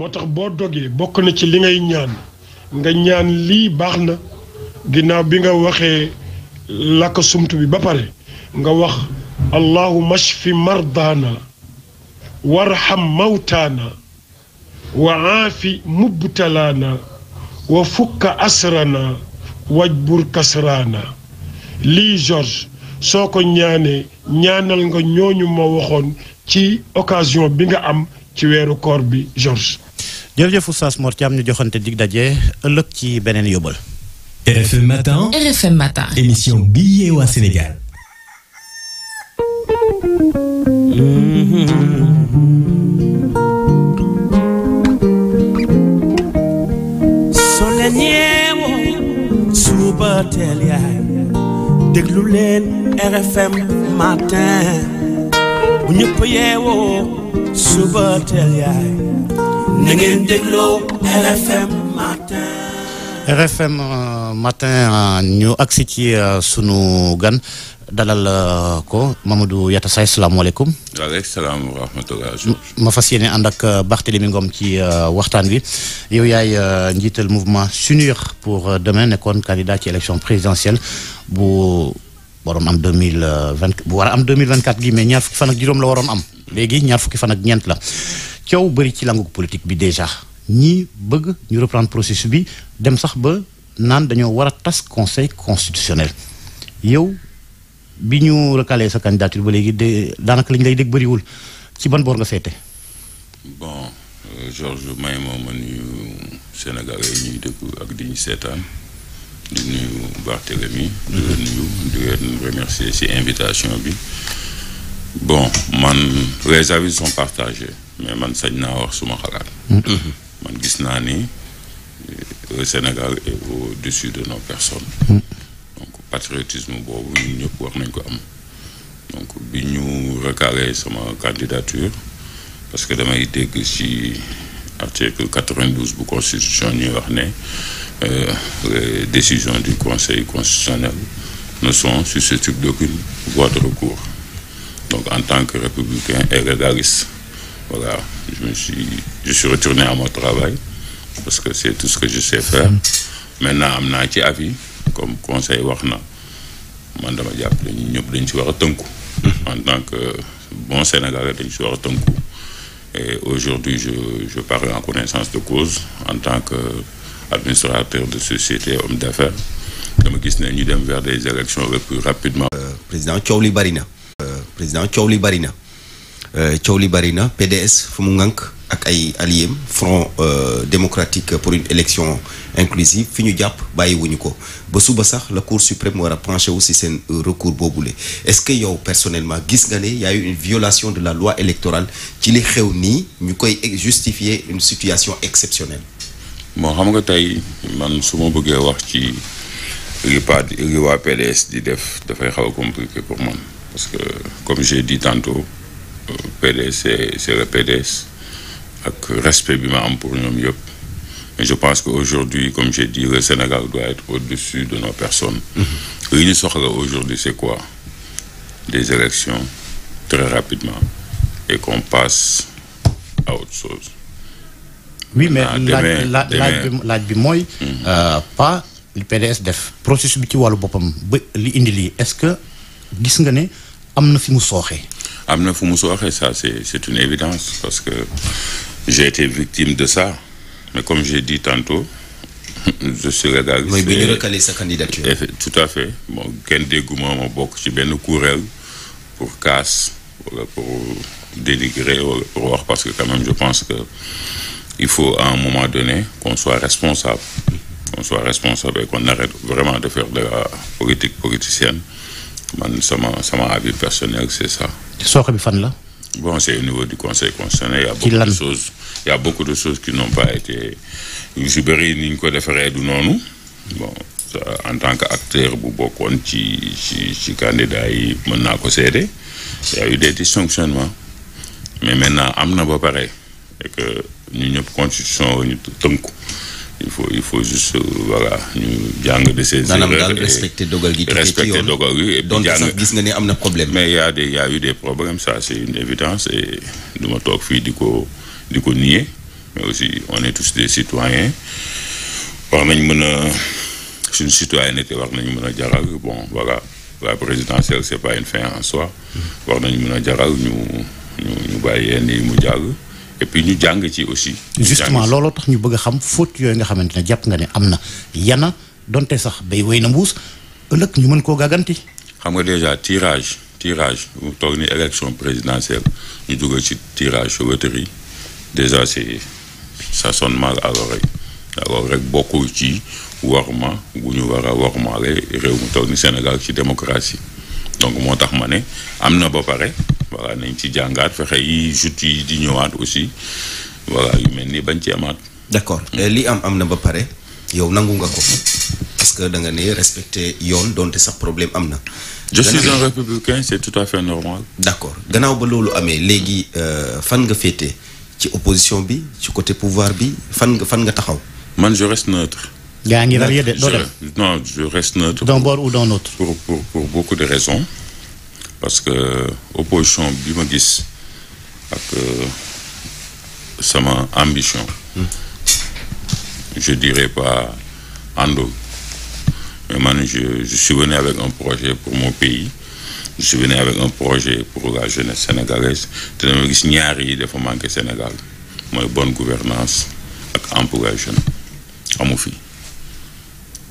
moo tax boo dogee bokk na ci li ngay ñaan nga ñaan lii baax na ginnaaw bi nga waxee làkk sumt bi ba pare nga wax allahuma shfi mardaana warham mawtaana wa aafi mubtalaana wa fukka asrana wajbur kasraana lii George soo ko ñaanee ñaanal nga ñooñu ma waxoon ci occasion bi nga am ci weeru koor bi George jërëjëf Oustaz Mor Thiam ñu joxante dig daje ëllëg ci beneen yóbbal. RFM matin émission bi yee Sénégal. soo leen suba teel yaay déglu leen RFM matin bu ñëpp yeewoo suba teel yaay. na ngeen dégloo RFM matin. RFM euh, matin euh, ñu agsi ci euh, sunu gan dalal ko Mamadou Yatta Sy salaamaaleykum. waaleykum salaam wa ma fas yéene ànd ak Barthélémy Ngom ci waxtaan wi yow yaay njiital mouvement S'unir pour demee nekkoon candidat ci élection présidentielle bu. waroon am deux mille vingt bu war a am deux mille vingt gi mais ñaar fukki fan ak juróom la waroon am léegi ñaar fukki fan ak ñeent la coow bëri ci langue politique bi déjà ñi bëgg ñu reprendre processus bi dem sax ba naan dañoo war a tas conseil constitutionnel yow bi ñu recalé sa candidature ba léegi de daanaka lañ lay dégg bëriwul ci ban boor nga féete. bon euh, Georges may moom ma nuyu Sénégal ak di ñu seetaan di nuyu Barthélémy. di la nuyu di leen remercier ci invitation bi bon man les avis sont partagés. mais man sañ naa wax suma xalaat. Mm-hmm. man gis naa ni euh, au Sénégal est au-dessus de nos personnes. Mm-hmm. donc patriotisme boobu ñun ñëpp wax nañ ko am. donc bi ñu recalé sama candidature parce que damay dégg ci article 92 bu constitution ñuy wax ne euh, les décisions du conseil constitutionnel ne sont susceptibles d'aucune voie de recours donc en tant que républicain et légaliste. Voilà, je me suis je suis retourné à mon travail parce que c'est tout ce que je sais faire. Maintenant am naa ci avis comme conseil wax na man dama jàpp ne ñun ñëpp dañ ci wax a tënku. En tant que bon Sénégalais dañu ci wax a tënku. Et aujourd'hui je je parle en connaissance de cause en tant que administrateur de société homme d'affaires dama gis ne ñu dem vers des élections le plus rapidement. Euh, président coow li bari na. Euh, président coow li bari na. Euh, coow li bari na PDS fu mu ngànk ak ay alliés front euh, démocratique pour une élection inclusive fi ñu jàpp bàyyiwuñu ko ba suba sax la cour suprême war a penché aussi seen euh, recours boobule est-ce que yow personnellement gis nga ne y a une violation de la loi électorale ci li xew nii ñu koy justifier une situation exceptionnelle moo xam nga tey man su ma buggee wax ci li pa li PDS di def dafay xaw a compliqué pour man parce que comme j'ai dit tantôt PDS c'est le PDS ak respect bi ma am pour ñoom yëpp je pense que aujourd'hui comme j'ai dit le Sénégal doit être au-dessus de nos personnes mm-hmm. li ñu soxla aujourd'hui c'est quoi des élections très rapidement et qu'on passe à autre chose oui mais laaj bi laaj bi mooy mm-hmm. euh, pa li PDS def processus bi ci wàllu boppam ba li indi lii est-ce que gis nga ne am na fi mu sooxee am na fu mu sooxee ça c'est une évidence parce que j'ai été victime de ça mais comme j'ai dit tantôt je suis régaliste. tout à fait bon kenn ma bokk ci benn kuréel pour casse wala pour dénigrer wala pour parce que quand même je pense que il faut à un moment donné qu'on soit responsable qu'on soit responsable et qu'on arrête vraiment de faire de la politique politicienne man sama avis personnel c'est ça. sooxe bi fan la. bon c'est au niveau du conseil constitutionnel. il y a beaucoup de choses il y a beaucoup été yu bëri ni ñu ko defaree du noonu bon en tant que acteur bu bokkoon ci ci ci candidat yi mën naa ko seede il y a eu mais maintenant am na ba pare et ñu ñëpp constitution ñu tënku. il faut il faut juste euh, voilà ñu jàng de ces erreurs daal respecter dogal gi respecter dogal gi et puis gis nga ne am na problème mais y a des y a eu des problèmes ça c'est une évidence et du ma toog fii di ko di ko nier mais aussi on est tous des citoyens wax nañ mën a suñu citoyenneté wax nañ mën a jaral bon voilà la présidentielle c'est pas une fin a soi war nañ mën a jaral ñu ñu ñu yenn yi mu jàll et puis ñu jàng ci aussi. justement looloo tax ñu bëgg xam faute yooyu nga xamante ne jàpp nga ne am na yana donte sax bay wéy na mbuus ëllëg ñu mën koo gàgganti. xam nga déjà tirage tirage bu toog ni élection présidentielle ñu dugal ci tirage chouetterie déjà c'est sa sonne mal à l'oreille alors rek bokkul ci warma bu ñu war a warmaale réew mu toog ni Sénégal ci démocratie donc moo tax ma ne am na ba pare. voilà nañ ci jàngaat fexe yi joutes yi di ñëwaat aussi voilà yu mel ni bañ ci amaat. d'accord mm. euh, li am am na ba pare yow nangu nga ko parce que da nga ne respecter yoon donte sax problème am na. je suis un républicain c'est tout à fait normal. d'accord gannaaw ba loolu amee léegi euh, fan nga féete ci opposition bi ci côté pouvoir bi fan nga fan nga taxaw. man je reste neutre. yaa ngi varié de doo dem non je reste neutre. d'un bord ou d'un autre. pour beaucoup de raisons. parce que opposition bi ma gis ak euh, sema ambition hmm. je dirais pas àndul mais man je je suis venu avec un projet pour mon pays je suis avec un projet pour la jeunesse sénégalaise te dama gis ñaar yi dafa manqué Sénégal mooy bonne gouvernance ak emploi jeune amu fi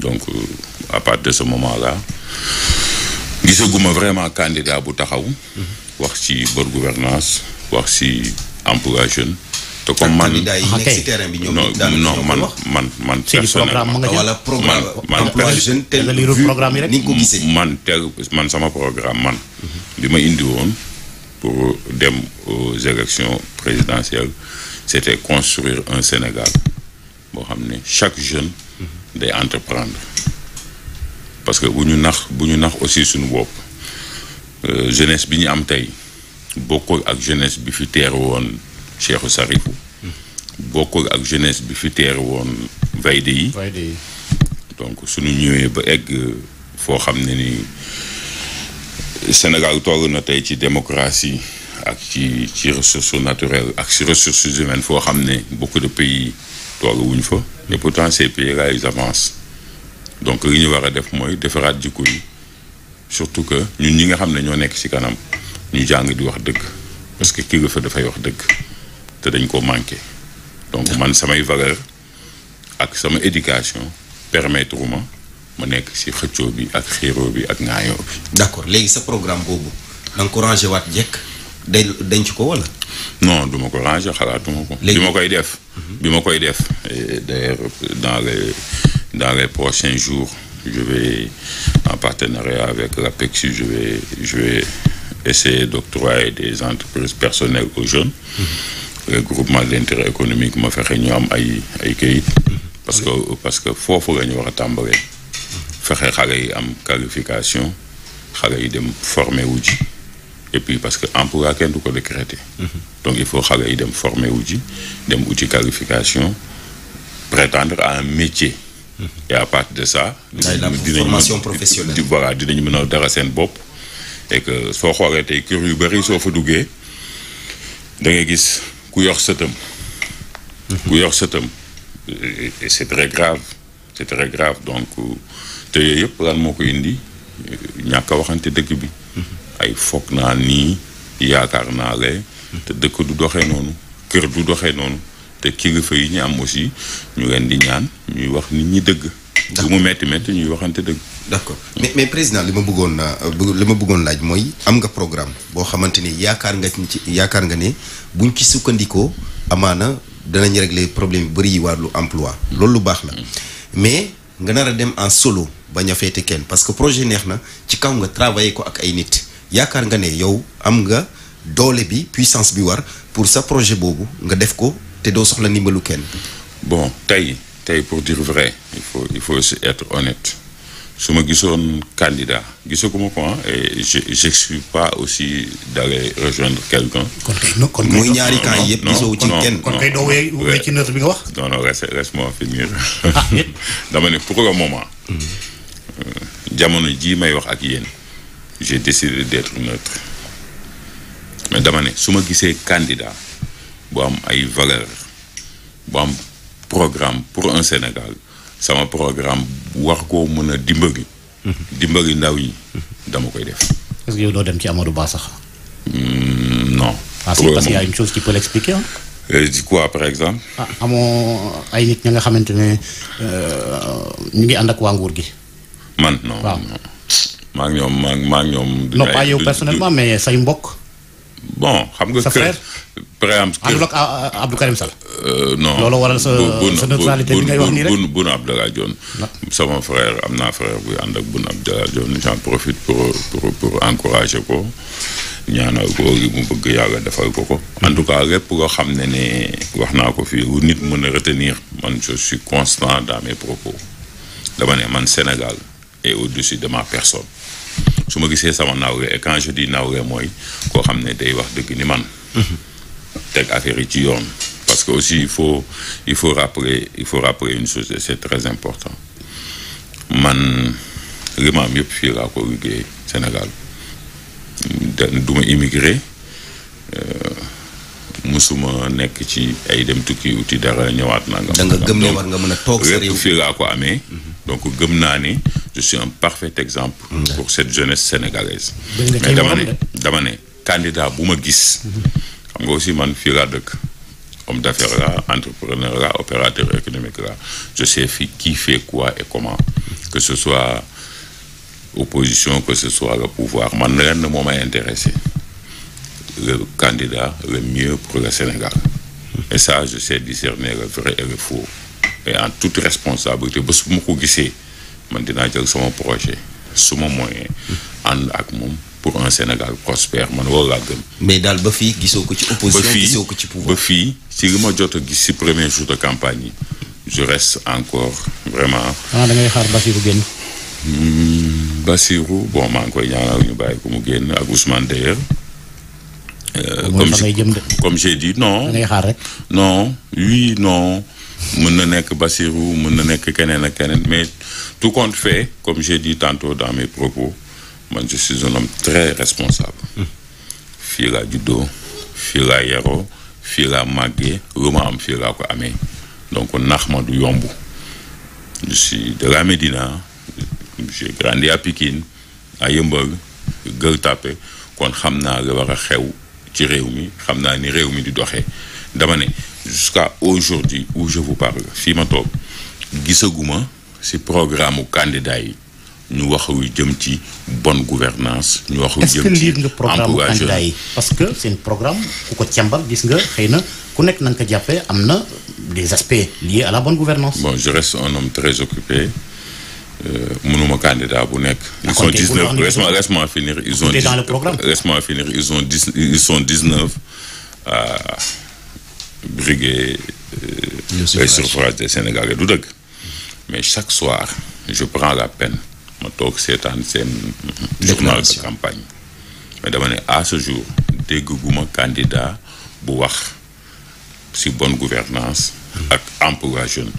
donc euh, à partir de ce moment là gisaguma vraiment candidat bu taxaw. wax ci bonne gouvernance wax ci emploi jeune. te comme man candidat yi nekk ah, ci terrain bi ñoom non man man man. personnellement wala programme man man man sama programme man. bi ma indi woon pour dem aux élections présidentielles c'était construire un Sénégal boo xam ne chaque jeune. day entreprendre. parce que bu ñu nax bu ñu nax aussi suñu bopp euh, jeunesse bi ñu am tey bokkul ak jeunesse bi fi teeru woon Cheikhou Sarifou bokkul ak jeunesse bi fi teeru woon Vayde yi donc suñu ñëwee ba egg foo xam ne ni Sénégal toll na tey ci démocratie ak ci ci ressources naturelles ak ci ressources humaines foo xam ne beaucoup de pays tolluwuñ fa et pourtant ces pays là ils donc li ñu war a def mooy defaraat jikko yi surtout que ñun ñi nga xam ne ñoo nekk ci kanam ñu jàng di wax dëgg parce que fa dafay wax dëgg te dañ ko manqué donc ah. man samay valeur ak sama éducation permettre ma ma nekk ci xëccoo bi ak xiiroo bi ak ŋaayoo bi. d'accord léegi sa programme boobu da nga ko rangé waat jekk den denc ko wala. non duma ko rangé xalaatuma ko. bi ma koy def. Mhm. bi ma koy def d'ailleurs dans les. dans les prochains jours je vais en partenariat avec la pexu vais je vais essayer d'octroyer des entreprises personnelles au jeunes mhm. les groupements d'intérêt économique ma fexe ñu am ay ay kayit parce que mhm. parce que foofu la ñu war a tàmbalee mhm. fexe xale yi am qualification xale yi dem former wu ji et puis parce que emploi kenn du ko décréter donc il faut xale yi dem formé wu ji dem uti qualification prétendre à un métier et à partir de ça. dinañu formation professionnelle di voilà dinañu mën a dara seen bopp. et que soo xoolee tey kër yu bëri soo fa duggee dangay gis ku yor sëtam. ku yor sëtam. et c'est très grave c'est très grave donc te yooyu yëpp lan moo ko indi ñàkk a waxante dëgg bi. ay foog naa nii yaakaar naa lee. te dëkk du doxe noonu. kër du doxee noonu. te kilifa yi ñu am aussi ñu leen di ñaan ñuy wax nit ñi dëgg. bu mu metti metti ñuy waxante dëgg. d'accord mais mais président li ma bëggoon euh, li ma bëggoon laaj mooy am nga programme boo xamante ni yaakaar nga ci yaakaar nga ne buñ ci sukkandikoo amaana danañ régler problème yu bëri yi wàllu emploi loolu lu baax na mais nga nar a dem en solo ba a féete kenn parce que projet neex na ci kaw nga travailler ko ak ay nit yaakaar nga ne yow am nga doole bi puissance bi war pour sa projet boobu nga def ko. te doo soxla ndimbalu kenn. bon tey tey pour dire vrai il faut il faut aussi être honnête su ma gisoon candidat gisaguma ko et je pas aussi d'aller rejoindre quelqu'un. kon ñaari camp yëpp gisoo ci kenn. kon kay doo wéy ci neutre bi nga wax. non non reste reste ah, dama ne pour le moment. Mm. Euh, jamono jii may wax ak yéen j'ai décidé d'être neutre mais dama ne su ma gisee candidat. boo am ay valeur bu am programme pour un Sénégal sama programme wax koo mën a dimbali. dimbali ndaw yi dama koy def. est-ce que yow doo dem ci Amadou Ba sax. Hmm, non. ah si parce qu'il y a une chose qui euh, exemple. Ah, amoo ay nit ñi nga xamante ne euh, ñu ngi ànd ak waa nguur gi. man non maa ngi ñoom maa ñoom. non pas yow personnellement mais say mbokk. bon xam nga. sa frère préam àndul ak ah, ah, Abdou Karim Sall. Euh, non loolu waral sa sa neutralité bi ngay wax nii rek sama frère am na frère bu ànd ak Boun Abdallah Dionne j'en profite pour pour pour encourager ko ñaanal ko mu bëgg yàlla defal ko ko. en tout cas lépp loo xam ne ne wax naa ko fii lu nit mën a retenir man je suis constant dans mes propos dama ne man Sénégal est au-dessus de personne. su ma gisee sama naawle et quand je dis naawle mooy koo xam ne day wax dëgg ni man. teg affaire yi ci yoon. parce que aussi il faut il faut rappeler il faut rappeler une chose et c'est très important man li ma am yëpp fii laa ko liggéey Sénégal musuma nekk ci ay dem tukki uti dara ñëwaat na da nga gëm ne war nga mën a toog sa réew fii laa ko amee. Mhm. donc gëm naa ni je suis un parfait exemple. Mhm. pour cette jeunesse sénégalaise. mais dama ne dama ne candidat bu ma gis. Mhm. xam nga aussi man fii laa dëkk. homme d'affaires la entrepreneur là opérateur économique là je sais fi qui fait quoi et comment que ce soit opposition que ce soit le pouvoir man lenn moo may intéressé. le candidat le mieux pour le Sénégal. Et ça, je sais discerner le vrai et le faux. Et en toute responsabilité ba su ma ko gisee man dinaa jël sama projet suma moyen ànd ak moom pour un Sénégal prospère man loolu laa gëm. mais daal ba fii gisoo ko ci opposition gisoo ko ci pouvoir ba fii si li ma jot a gis si premier jour de campagne yi je reste encore vraiment. ah da ngay xaar Bassirou génn. Hmm, Bassirou bon maa ngi koy ñaanal ñu bàyyi ko mu génn ak Ousmane d'ailleurs Euh, comme comme j'ai dit non. non oui mën na nekk Bassirou mën na nekk keneen ak keneen mais tout compte fait comme j'ai dit tantôt dans mes propos man je suis un homme très responsable. fii laa juddoo fii laa yaroo fii laa màggee lu ma am fii laa ko amee donc nax ma du yomb je suis de la Médina j'ai grandi à Pikine à Yeumbeul Gueule Tapée kon xam naa la war a xew. ci réew mi xam naa ni réew mi di doxee dama ne jusqu'à aujourd'hui où je vous parle fii ma toog gisaguma si programme candidat yi ñu wax yu jëm ci bonne gouvernance ñu wax yu jëm ci candidat yi parce que seen programme ku ko càmbar gis nga xëy na ku nekk na nga am na des aspects liés à la bonne gouvernance bon je reste un homme très occupé Euh, mënuma candidat bu nekk. ils ah, sont dix neuf laisse-moi finir ils ont. dix ils sont dix neuf à briguer euh, les suffrages des du dëgg. mais chaque soir je prends la peine ma toog seetaan seen. journal de campagne. mais dama ne à ce jour dégguma candidat bu wax ci bonne gouvernance ak emploi jeune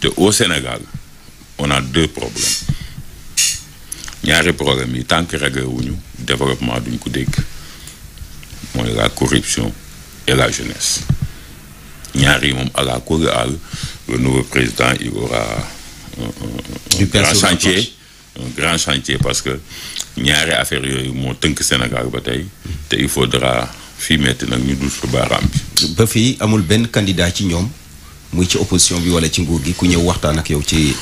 te Sénégal. on a deux problèmes ñaari problème yi tant que développement duñ ko dégg mooy la corruption et la jeunesse ñaari moom à la àll le nouveau président il aura un, grand chantier un grand chantier parce que ñaari affaire yooyu moo tënk Sénégal ba tey te il faudra fii metti nag ñu dul fa baaraam bi. ba fii amul benn candidat ci ñoom muy ci opposition bi walla ci nguur gi ku ñëw waxtaan ak yow ci.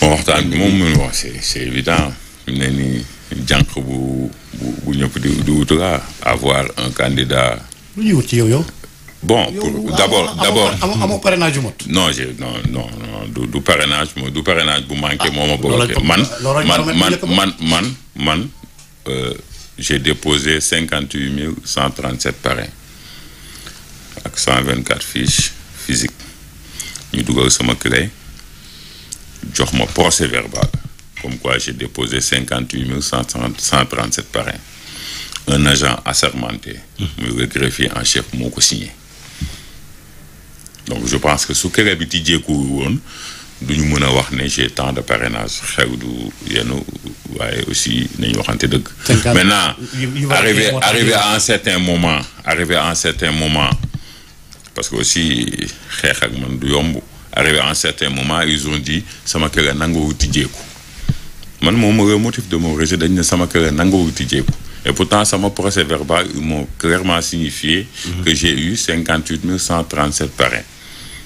bon waxtaan bi moom mënu wax c'est c'est évident mu ni jànq bu bu ñëpp di di wut avoir un candidat. lu ñuy wut ci yow yow. bon pour d'abord d'abord amoo amoo parrainage yu mot. non du du parrainage du parrainage bu manqué moom ma ah, bloqué. man man man man man man j'ai déposé cinquante huit mille cent trente sept parrains ak cent vingt quatre fiches physiques ñu dugal sama clé. jox ma procès verbal comme quoi j'ai déposé cinquante huit mille cent trente sept parrain un agent assermenté. muy le greffier en chef moo ko signé. donc je pense que su kër bi tijjeeku woon du ñu mën a wax ne j'ai temps de parrainage xew du yenn waaye aussi nañu waxante dëgg. maintenant arrivé arrivé à un certain moment arrivé à un certain moment parce que aussi xeex ak man du yomb. arrivé à un certain moment ils ont dit sama kër a tijjeeku man moom le motif de mon dañ ne sama kër a nangoo tijjeeku et pourtant sama procès verbal ils m'ont clairement signifié. Mm -hmm. que j'ai eu cent trente sept parrains.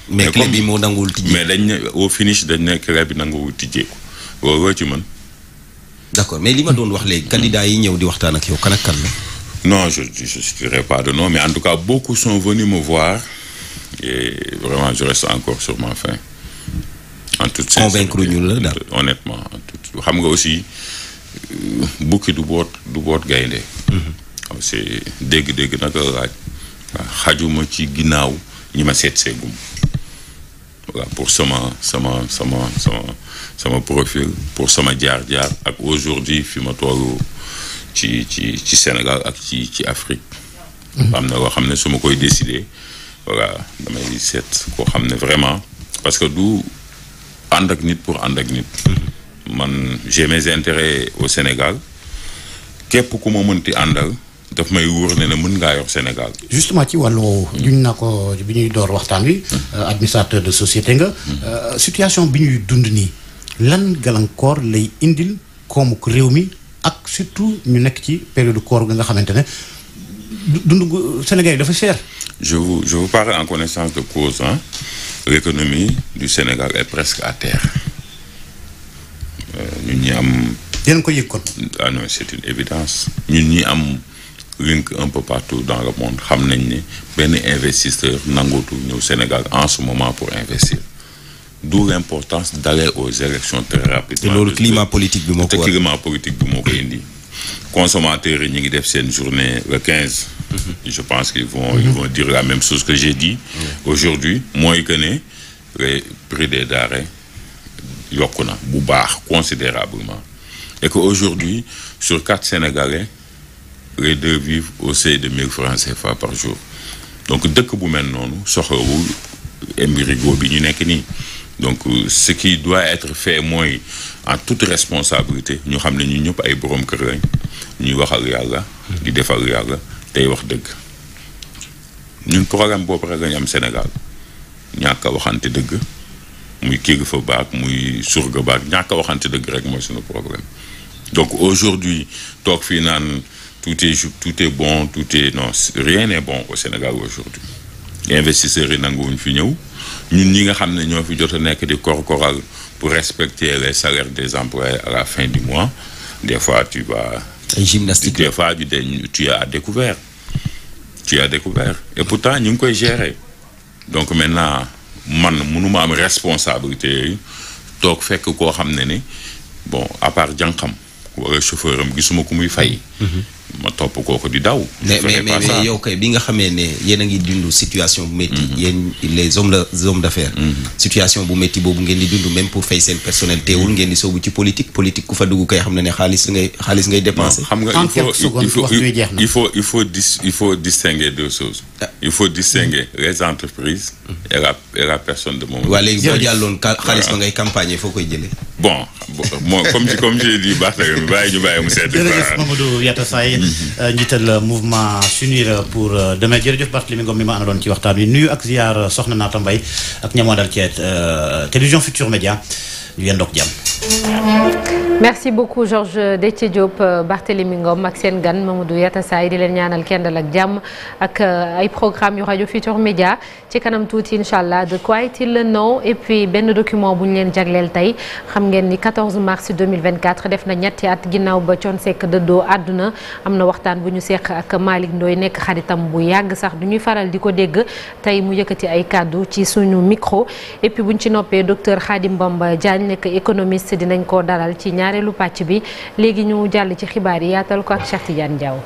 mais clé bi moo nanguwul tijjeeku mais dañ ne dañ ne clé bi nanguwul tijjeeku looloo ci man. d'accord mais li ma doon wax léegi. candidats yi ñëw di waxtaan ak yow kan ak kan la. non je je ne dirai mais en tout cas beaucoup sont venus me voir. et vraiment je reste encore sur ma en la daal honnêtement en tout xam nga aussi euh, bukki du boot du boot gaynde mm-hmm. ah, dégg-dégg naka laaj ah, ci ginnaaw ñi ma seet seegum voilà pour sama sama sama sama sama profil pour sama jaar-jaar ak aujourd'hui fi ma tollu ci ci ci Sénégal ak ci ci Afrique mm-hmm. am na loo xam ne su ma koy décider voilà damay seet koo xam ne vraiment parce que du ànd ak nit pour ànd ak nit. man j'ai mes intérêts au Sénégal képp ku ma mënti àndal daf may wóor ne ne mën ngaa yor Sénégal. justement ci wàllu woowu. Hmm. juñ na ko bi ñuy door waxtaan wi. Hmm. Euh, administrateur de société nga. Hmm. Euh, situation bi ñuy dund nii lan gàllankoor lay indil koomu réew mi ak surtout ñu nekk ci période koor gi nga xamante ne dund Sénégal yi dafa cher. je vous je vous parle en connaissance de cause hein l'économie du Sénégal est presque à terre euh, ñun ñi am. yéen ko yëg kon. ah non c'est une évidence ñun ñi am link un peu partout dans le monde xam nañ ni benn investisseur nangootu ñëw Sénégal en ce moment pour investir. d'où l'importance d'aller aux élections très rapidement. te loolu climat politique bi moo ko climat politique bi moo ko indi. consommateurs yi ñu ngi def seen journée le quinze mhm. je pense qu'ils vont ils vont dire la même chose que j'ai dit. aujourd'hui mooy que ne le des denrées yokku na bu baax considérablement et que aujourd'hui sur quatre Sénégalais les deux vivent au seuil de mille francs CFA par jour donc dëkk bu mel noonu soxlawul mbiri góob bi ñu nekk nii. donc euh, ce qui doit être fait mooy en toute responsabilité ñu xam ne ñu ñëpp ay borom kër lañ ñuy waxal yàlla di defal yàlla tey wax dëgg ñun programme boobu rek lañu am Sénégal ñàkk waxante dëgg muy kilifa baak muy surga baak ñàkk a waxante dëgg rek mooy suñu problème donc aujourd'hui toog fii naan tout est tout est bon tout est non rien n'est bon au Sénégal aujourd'hui investisseurs yi nanguwuñ fi ñëw ñun ñi nga xam ne ñoo fi jot a nekk di corporal pour respecter les salaires des employés à la fin du mois des fois tu vas. gymnastique des fois tu tu es à découvert tu es à découvert et pourtant ñu ngi koy gérer donc maintenant man mënuma am responsabilité yooyu toog fekk koo xam ne ni bon à part jànqam. wala chauffeur am gisuma ko muy fay. ma topp kooku di daw. mais mais mais yow bi nga xamee ne yéen a ngi dund situation bu métti. Mhm. yéen les hommes la hommes d'affaires. Mhm. situation bu métti boobu ngeen di dund même pour fay seen personnel teewul mhm. ngeen di soobu ci politique politique ku fa dugg kay xam na ne xaalis ngay xaalis ngay et la et la personne de moom. waa léegi boo jàlloon xaalis ba ngay campagne foo koy jëlee. bon moo comme comme j'ai dit baax na mi bàyyi ñu bàyyi mu sedd. jërëjëf Mamadou Yatassaye mm-hmm. euh, njiital mouvement s'unir pour euh, demain jërëjëf Barthélémy Ngom mi ma àndaloon ci waxtaan wi nu ak ziar soxna Naata Mbaye ak ñamoo dal ci euh, télévision Futur Média ñu yendoog jàmm. merci beaucoup Georges Déthié Diop euh, Barthélémy Ngom ak seen gan du Mamadou Yatassay di leen ñaanal kendal ak jàmm ak euh, ay programme yu rajo Futur Média ci kanam tuuti incha allah de quoi est-il le nom et puis benn document bu ñu leen jagleel tey xam ngeen ni 14 mars 2024 def na ñetti at ginnaaw ba Thione Seck dëddoo àdduna am na waxtaan bu ñu seq ak Malick Ndoye nekk xaritam bu yàgg sax du ñuy faral di ko dégg tey mu yëkkati ay kàddu ci suñu micro et puis buñ ci noppee docteur nekk économiste dinañ ko dalal ci ñaareelu pàcc bi léegi ñu jàll ci xibaar yi yaatal ko ak Cheikh Tidiane Diaw.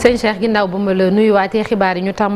sëñ Cheikh ginnaaw ba ma la nuyuwaatee xibaar yi ñu tàmm